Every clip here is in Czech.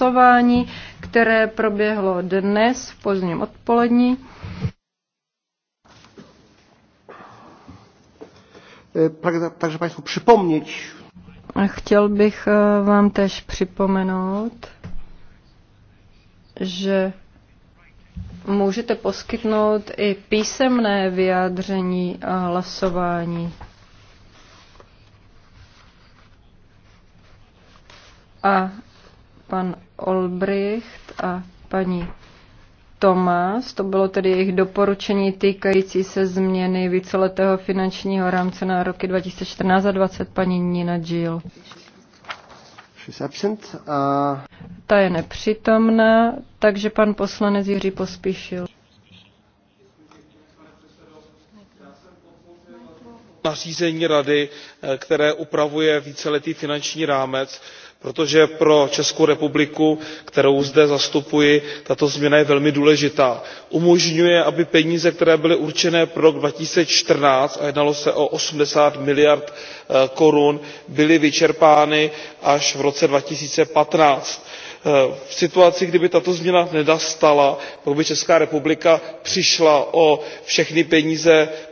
hlasování, které proběhlo dnes v pozdním odpolední. E, takže Państwu připomnět. Chtěl bych e, vám tež připomenout, že můžete poskytnout i písemné vyjádření a hlasování. A pan Olbricht a paní Tomás. To bylo tedy jejich doporučení týkající se změny víceletého finančního rámce na roky 2014 a 2020 paní Nina Gill. Absent, uh... Ta je nepřítomná, takže pan poslanec Jiří pospíšil. nařízení rady eh, které upravuje víceletý finanční rámec protože pro českou republiku kterou zde zastupuji tato změna je velmi důležitá. umožňuje aby peníze které byly určené pro rok two thousand and fourteen a jednalo se o eighty miliard eh, korun byly vyčerpány až v roce. two thousand and fifteen v situaci kdy by tato změna nenastala pak by česká republika přišla o všechny peníze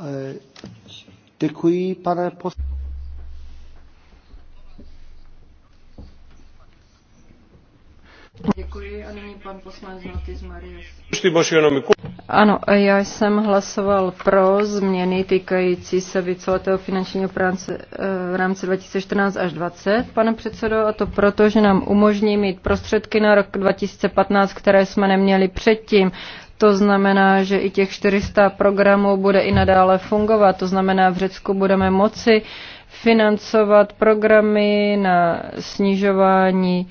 Eh, děkuji, pane poslanče. Děkuji a nyní pan poslanec Ano, já jsem hlasoval pro změny týkající se vycelatého finančního práce eh, v rámci 2014 až 2020, pane předsedo, a to proto, že nám umožní mít prostředky na rok 2015, které jsme neměli předtím. To znamená, že i těch 400 programů bude i nadále fungovat. To znamená, v Řecku budeme moci financovat programy na snižování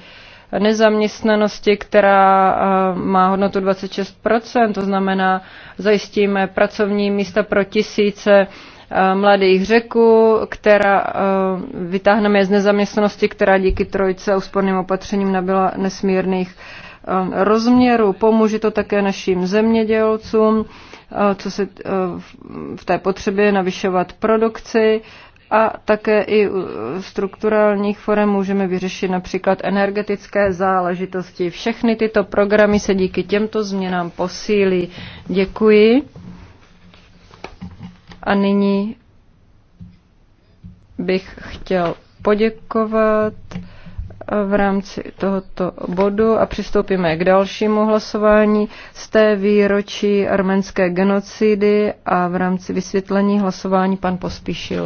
nezaměstnanosti, která eh, má hodnotu 26%, to znamená, zajistíme pracovní místa pro tisíce eh, mladých řeků, která eh, vytáhneme z nezaměstnanosti, která díky trojce a úsporným opatřením nabyla nesmírných Um, rozměru. Pomůže to také našim zemědělcům, uh, co se uh, v té potřebě navyšovat produkci a také i strukturálních forem můžeme vyřešit například energetické záležitosti. Všechny tyto programy se díky těmto změnám posílí. Děkuji. A nyní bych chtěl poděkovat v rámci tohoto bodu a přistoupíme k dalšímu hlasování z té výročí arménské genocidy a v rámci vysvětlení hlasování pan Pospíšil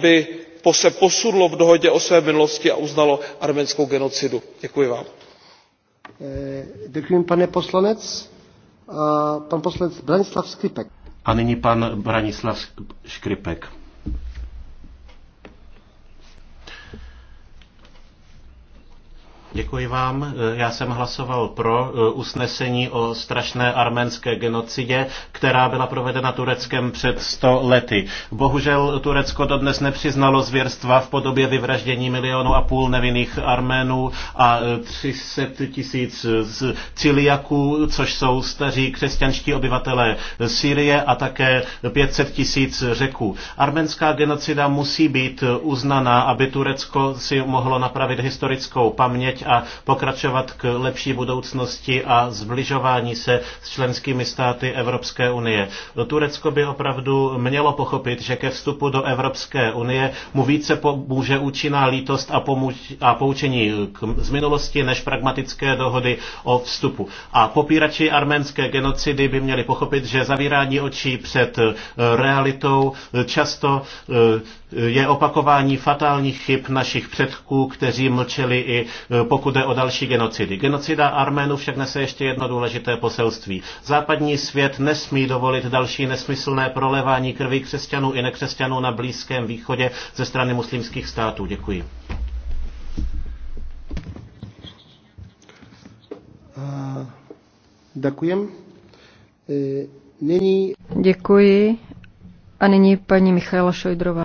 aby se posunulo v dohodě o své minulosti a uznalo arménskou genocidu. děkuji vám. Eh, děkuji, pane pan poslanec Branislav pan Branislav Škripek. Děkuji vám. Já jsem hlasoval pro eh, usnesení o strašné arménské genocidě, která byla provedena Tureckem před 100 lety. Bohužel Turecko dodnes nepřiznalo zvěrstva v podobě vyvraždění milionu a půl nevinných Arménů a 300 eh, tisíc ciliaků, což jsou staří křesťanští obyvatelé Sýrie a také 500 tisíc řeků. Arménská genocida musí být uznaná, aby Turecko si mohlo napravit historickou paměť a pokračovat k lepší budoucnosti a zbližování se s členskými státy Evropské unie. Turecko by opravdu mělo pochopit, že ke vstupu do Evropské unie mu více pomůže účinná lítost a, pomůž, a poučení k, z minulosti než pragmatické dohody o vstupu. A popírači arménské genocidy by měli pochopit, že zavírání očí před realitou často eh, je opakování fatálních chyb našich předků, kteří mlčeli i e, pokud jde o další genocidy. Genocida Arménu však nese ještě jedno důležité poselství. Západní svět nesmí dovolit další nesmyslné prolevání krvi křesťanů i nekřesťanů na Blízkém východě ze strany muslimských států. Děkuji. E, Děkuji. A nyní paní Michaela Šojdrová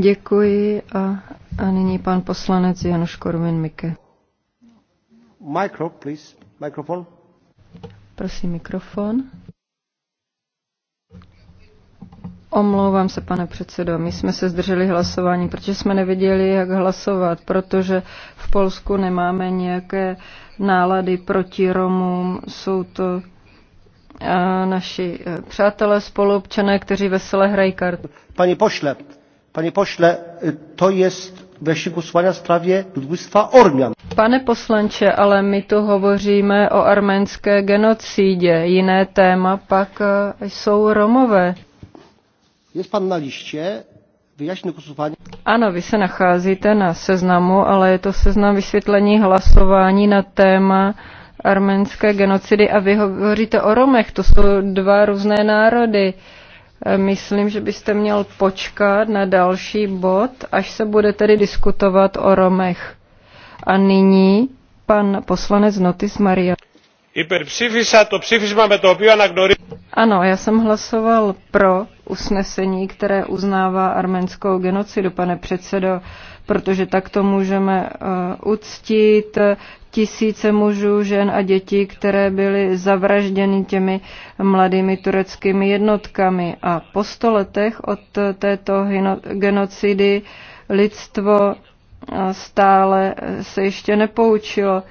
Děkuji a, a nyní pan poslanec Januš Korvin-Mikke. Micro, please. Prosím mikrofon. Omlouvám se, pane předsedo, my jsme se zdrželi hlasování, protože jsme nevěděli, jak hlasovat, protože v Polsku nemáme nějaké nálady proti Romům, jsou to eh, naši eh, přátelé, spoluobčané, kteří veselé hrají karty. Pani pošle, Pane pošle, to je wreszcie głosowania w sprawie ludobójstwa Ormian. Pane poslanče, ale my tu hovoříme o arménské genocídě. Jiné téma pak e, jsou Romové. Jest pan na liście, vyjašné hlasování. Ano, vy se nacházíte na seznamu, ale je to seznam vysvětlení hlasování na téma arménské genocidy a vy hovoříte o Romech. To jsou dva různé národy. Uh, Eh, myslím, že byste měl počkat na další bod, až se bude tedy diskutovat o Romech. A nyní pan poslanec Notis Maria. Υπερψήφισα to ψήφισμα με το Ano, já jsem hlasoval pro usnesení, které uznává arménskou genocidu, pane předsedo, protože takto můžeme uh, uctít tisíce mužů, žen a dětí, které byly zavražděny těmi mladými tureckými jednotkami. A po sto letech od této genocidy lidstvo stále se ještě nepoučilo.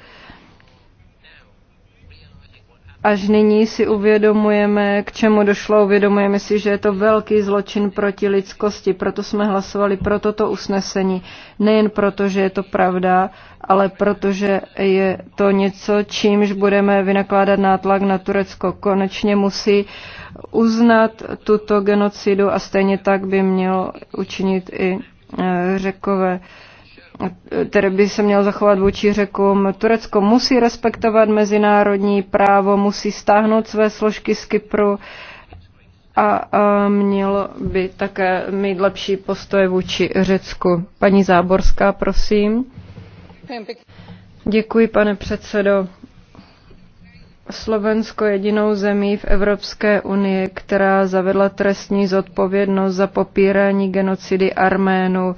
Až nyní si uvědomujeme, k čemu došlo, uvědomujeme si, že je to velký zločin proti lidskosti, proto jsme hlasovali pro toto usnesení. Nejen proto, že je to pravda, ale protože je to něco, čímž budeme vynakládat nátlak na Turecko. Konečně musí uznat tuto genocidu a stejně tak by měl učinit i eh, řekové které e, by se měl zachovat vůči řekům. Turecko musí respektovat mezinárodní právo, musí stáhnout své složky z Kypru a, a mělo by také mít lepší postoje vůči Řecku. Paní Záborská, prosím. Děkuji, pane předsedo. Slovensko je jedinou zemí v Evropské unii, která zavedla trestní zodpovědnost za popírání genocidy Arménů.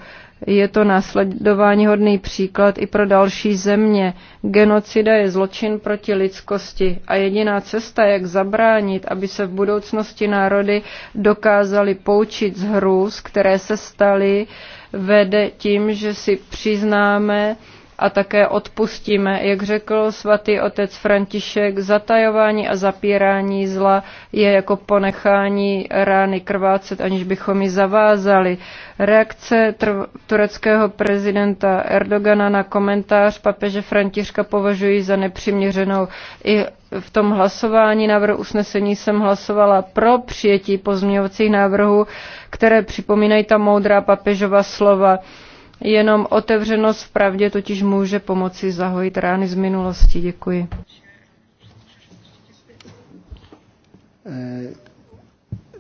Je to následování hodný příklad i pro další země. Genocida je zločin proti lidskosti a jediná cesta, jak zabránit, aby se v budoucnosti národy dokázali poučit z hrůz, které se staly, vede tím, že si přiznáme, a také odpustíme. Jak řekl svatý otec František, zatajování a zapírání zla je jako ponechání rány krvácet, aniž bychom ji zavázali. Reakce tureckého prezidenta Erdogana na komentář papeže Františka považuji za nepřiměřenou. I v tom hlasování návrhu usnesení jsem hlasovala pro přijetí pozměňovacích návrhů, které připomínají ta moudrá papežova slova. Jenom otevřenost v pravdě totiž může pomoci zahojit rány z minulosti. Děkuji.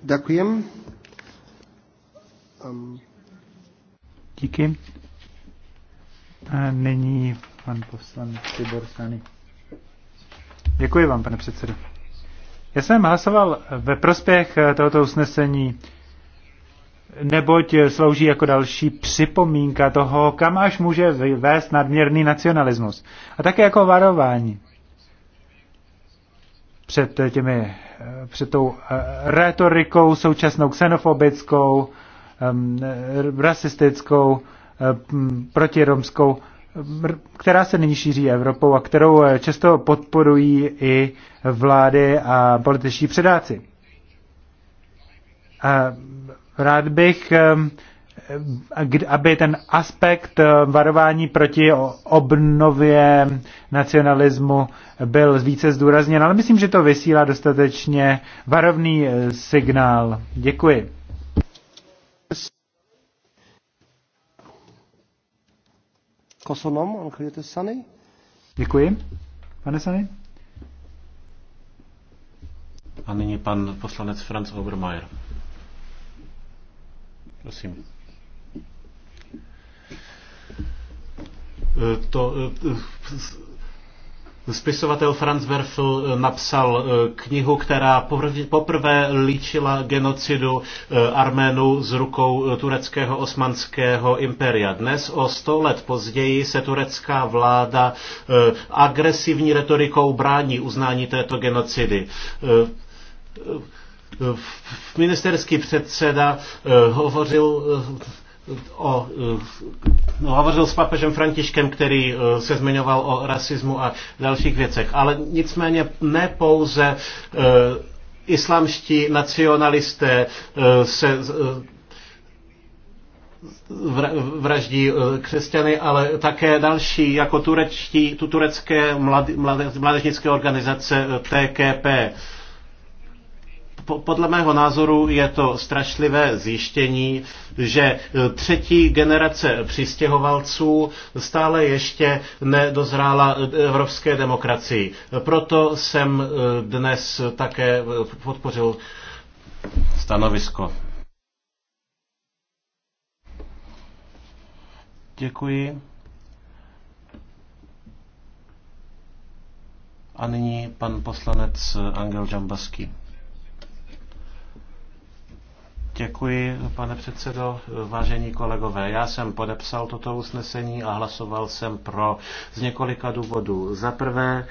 Děkuji. Eh, Díky. A nyní pan poslanec Tibor Sany. Děkuji vám, pane předsedo. Já jsem hlasoval ve prospěch tohoto usnesení neboť slouží jako další připomínka toho, kam až může vést nadměrný nacionalismus. A také jako varování před, těmi, před tou eh, retorikou současnou xenofobickou, rasistickou, eh, protiromskou, která se nyní šíří Evropou a kterou eh, často podporují i vlády a političtí předáci. A Rád bych, aby ten aspekt eh, varování proti obnově nacionalismu byl více zdůrazněn, ale myslím, že to vysílá dostatečně varovný eh, signál. Děkuji. Kosonom, Sany. Děkuji. Pane Sany? A nyní pan poslanec Franz Obermeier. Prosím. Eh, to, eh, Spisovatel Franz Werfel eh, napsal knihu, která poprvé líčila genocidu Arménů z rukou tureckého osmanského imperia. Dnes o sto let později se turecká vláda agresivní retorikou brání uznání této genocidy ministerský předseda eh, hovořil eh, o, eh, no, hovořil s papežem Františkem, který se zmiňoval o rasismu a dalších věcech. Ale nicméně ne pouze islámští nacionalisté se vraždí křesťany, ale také další, jako turečtí, tu turecké mlad, mlad, mládežnické organizace TKP podle mého názoru je to strašlivé zjištění, že e, třetí generace přistěhovalců stále ještě nedozrála evropské demokracii. Proto jsem e, dnes také e, podpořil stanovisko. Děkuji. A nyní pan poslanec Angel Jambaski. Děkuji, pane předsedo. Vážení kolegové, já jsem podepsal toto usnesení a hlasoval jsem pro z několika důvodů. Za prvé,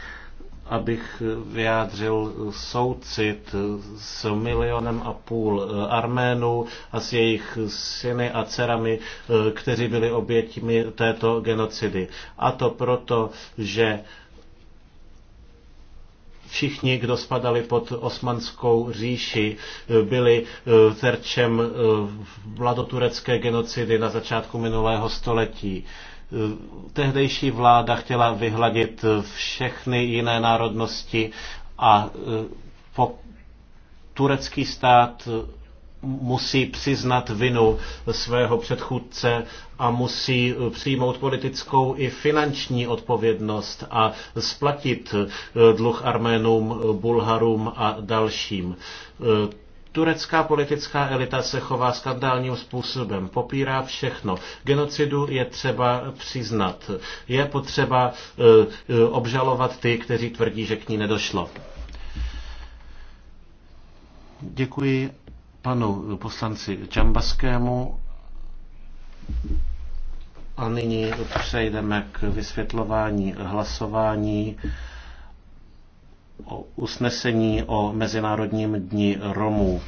abych vyjádřil soucit s milionem a půl Arménů a s jejich syny a dcerami, kteří byli oběťmi této genocidy. A to proto, že Všichni, kdo spadali pod osmanskou říši, byli eh, terčem eh, vladoturecké genocidy na začátku minulého století eh, tehdejší vláda chtěla vyhladit všechny jiné národnosti a po turecký stát musí přiznat vinu svého předchůdce a musí přijmout politickou i finanční odpovědnost a splatit eh, dluh Arménům, Bulharům a dalším. Eh, turecká politická elita se chová skandálním způsobem, popírá všechno. Genocidu je třeba přiznat. Je potřeba eh, obžalovat ty, kteří tvrdí, že k ní nedošlo. Děkuji panu poslanci Čambaskému a nyní přejdeme k vysvětlování hlasování o usnesení o Mezinárodním dní Romů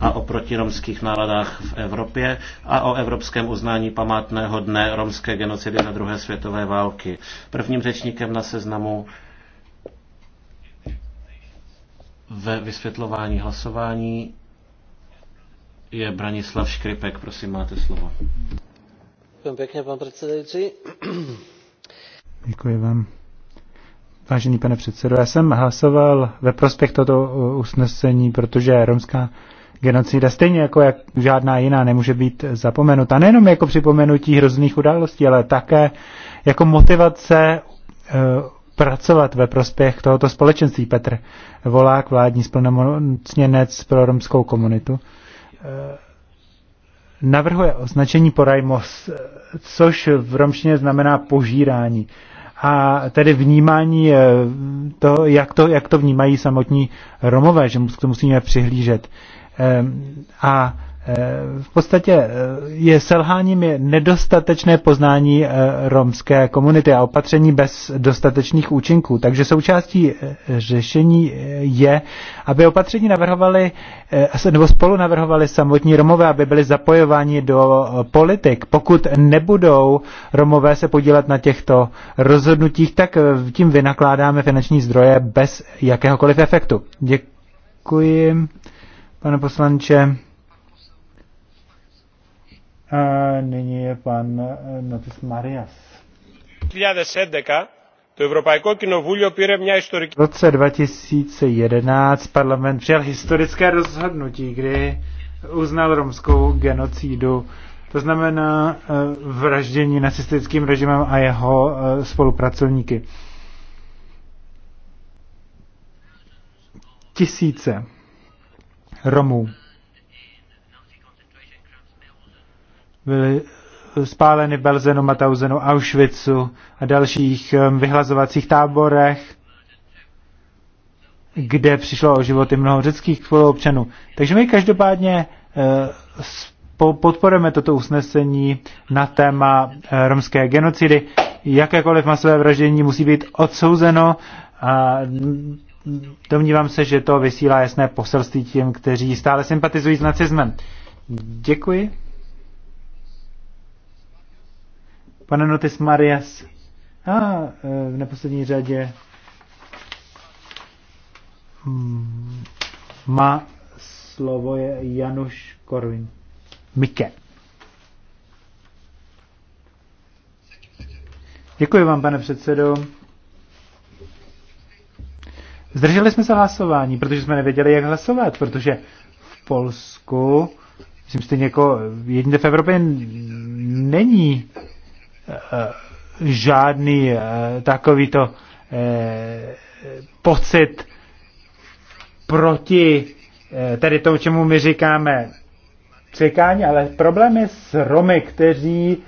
a o protiromských náladách v Evropě a o evropském uznání památného dne romské genocidy na druhé světové války. Prvním řečníkem na seznamu ve vysvětlování hlasování je Branislav Škripek. Prosím, máte slovo. Pěkně, pan předsedající. Děkuji vám. Vážený pane předsedo, já jsem hlasoval ve prospěch toto usnesení, protože romská genocida stejně jako jak žádná jiná nemůže být zapomenuta. Nejenom jako připomenutí hrozných událostí, ale také jako motivace eh, pracovat ve prospěch tohoto společenství. Petr Volák, vládní splnomocněnec pro romskou komunitu, eh, navrhuje označení porajmos, což v romštině znamená požírání. A tedy vnímání eh, to, jak to, jak to vnímají samotní Romové, že to musíme přihlížet. Ehm, a Eh, v podstatě eh, je selháním je nedostatečné poznání eh, romské komunity a opatření bez dostatečných účinků. Takže součástí řešení je, aby opatření navrhovali, nebo spolu navrhovali samotní Romové, aby byli zapojováni do politik. Pokud nebudou Romové se podílet na těchto rozhodnutích, tak tím vynakládáme finanční zdroje bez jakéhokoliv efektu. Děkuji, pane poslanče. A nyní je pan eh, Notis Marias. 2011 to Evropské píre V roce 2011 parlament přijal historické rozhodnutí, kdy uznal romskou genocídu. To znamená eh, vraždění nacistickým režimem a jeho eh, spolupracovníky. Tisíce Romů byly spáleny v Belzenu, Matauzenu, Auschwitzu a dalších um, vyhlazovacích táborech, kde přišlo o životy mnoho řeckých spoluobčanů. Takže my každopádně uh, podporujeme toto usnesení na téma uh, romské genocidy. Jakékoliv masové vraždění musí být odsouzeno a domnívám se, že to vysílá jasné poselství těm, kteří stále sympatizují s nacismem. Děkuji. Pane Notis Marias. A ah, v neposlední řadě hmm. má slovo je Januš Korvin. Mike. Děkuji vám, pane předsedo. Zdrželi jsme se hlasování, protože jsme nevěděli, jak hlasovat, protože v Polsku, myslím stejně jako jedině v Evropě, není Eh, žádný eh, takovýto eh, pocit proti tedy tomu, čemu my říkáme překání, ale problém je s Romy, kteří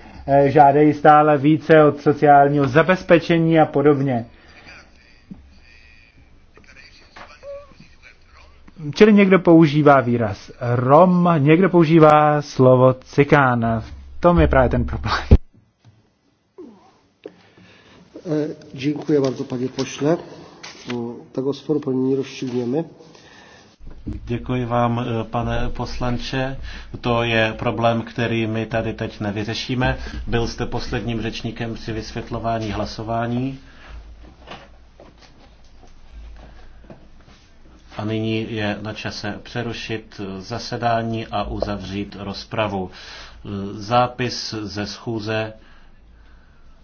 žádají stále více od sociálního zabezpečení a podobně. Čili někdo používá výraz Rom, někdo používá slovo cikán. V tom je právě ten problém. E, dziękuję bardzo panie pośle. E, tego sporu pewnie nie rozstrzygniemy. Děkuji vám, e, pane poslanče. To je problém, který my tady teď nevyřešíme. Byl jste posledním řečníkem při vysvětlování hlasování. A nyní je na čase přerušit zasedání a uzavřít rozpravu. Zápis ze schůze